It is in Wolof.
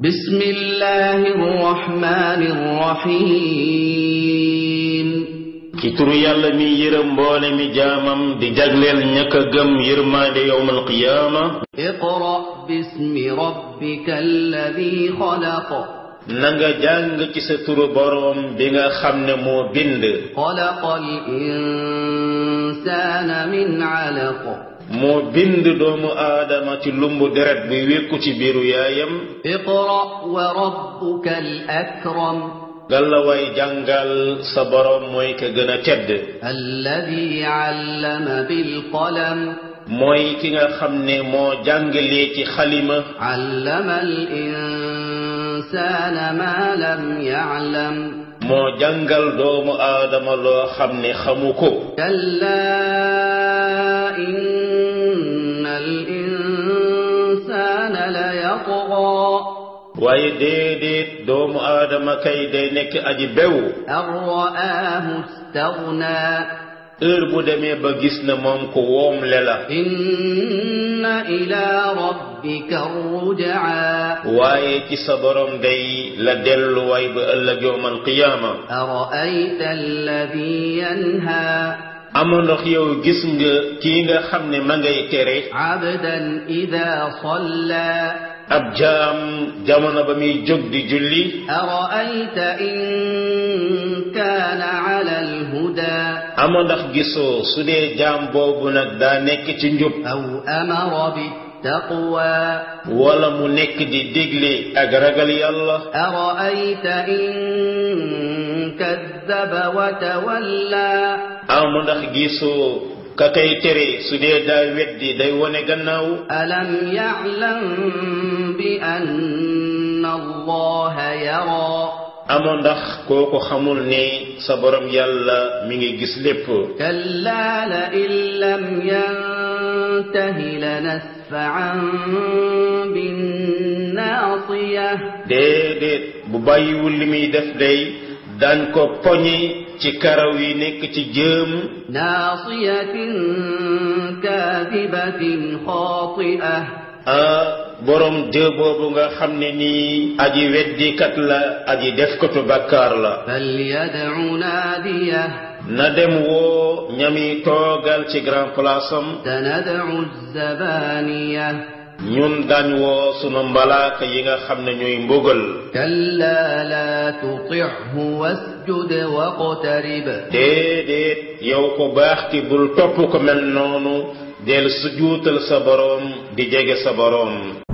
بسم الله الرحمن الرحيم ci turu yàlla mi yërëm mboole mi jaamam di jagleel ñàkk a gëm yërmaande yowmal qiyaama iqra bismi rabbika alladi xalaq na nga jàng ci sa turu boroom bi nga xam ne moo bind xalaqal insaana min alaq moo bind doomu aadama ci lumbu deret buy wékku ci biiru yaayam iqra wa rabbuka al akram galla way jàngal sa borom mooy ka gën a tedd alladi allama bil qalam mooy ki nga xam ne moo jàngalee ci xalima allama al insaana ma lam ya'lam moo jàngal doomu aadama loo xam ne xamu ko. kallaa innal insaana la yatghaa. waaye déedéet doomu aadama kay day nekk aji bew. an ra'aahu istagnaa. heure bu demee ba gis na moom ko woom le la inna ila rabbika rujaa waaye ci sa borom day la delluwaay ba ëllëg yowmal qiyaama araayta alladi yanha amandox yow gis nga kii nga xam ne ma ngay tere abdan ida salla ab jaam jamono ba muy jóg di julli araayta in amoo ndax gisoo su dee jaam boobu nag daa nekk ci njub aw amara bi taqwa wala mu nekk di digle ak ragal yàlla araayta in kaddaba wa tawalla amoo ndax gisoo ka kay tere su dee daa weddi day wone gannaaw alam ya'lam bi anna allaha yara amoo ndax kooku xamul ni sa borom yàlla mi ngi gis lépp kallaa la in lam yantahi lanasfa'an binnaasiya déedéet bu bàyyiwul li muy def day daañ ko poñi ci karaw yi nekk ci jëm naasiyatin kaadibatin xaati'a ah, borom dée boobu nga xam ne nii aji weddikat la aji defkatu bàkkaar la na dem woo ñami toogal ci grand place am ñun dañ woo sunu mbalaaka yi nga xam ne ñuy mbugal kalla la tutihu wasjud waqtarib déedéet yow ko baax ki bul topp ko mel noonu del sujuutal sa boroom di jege sa boroom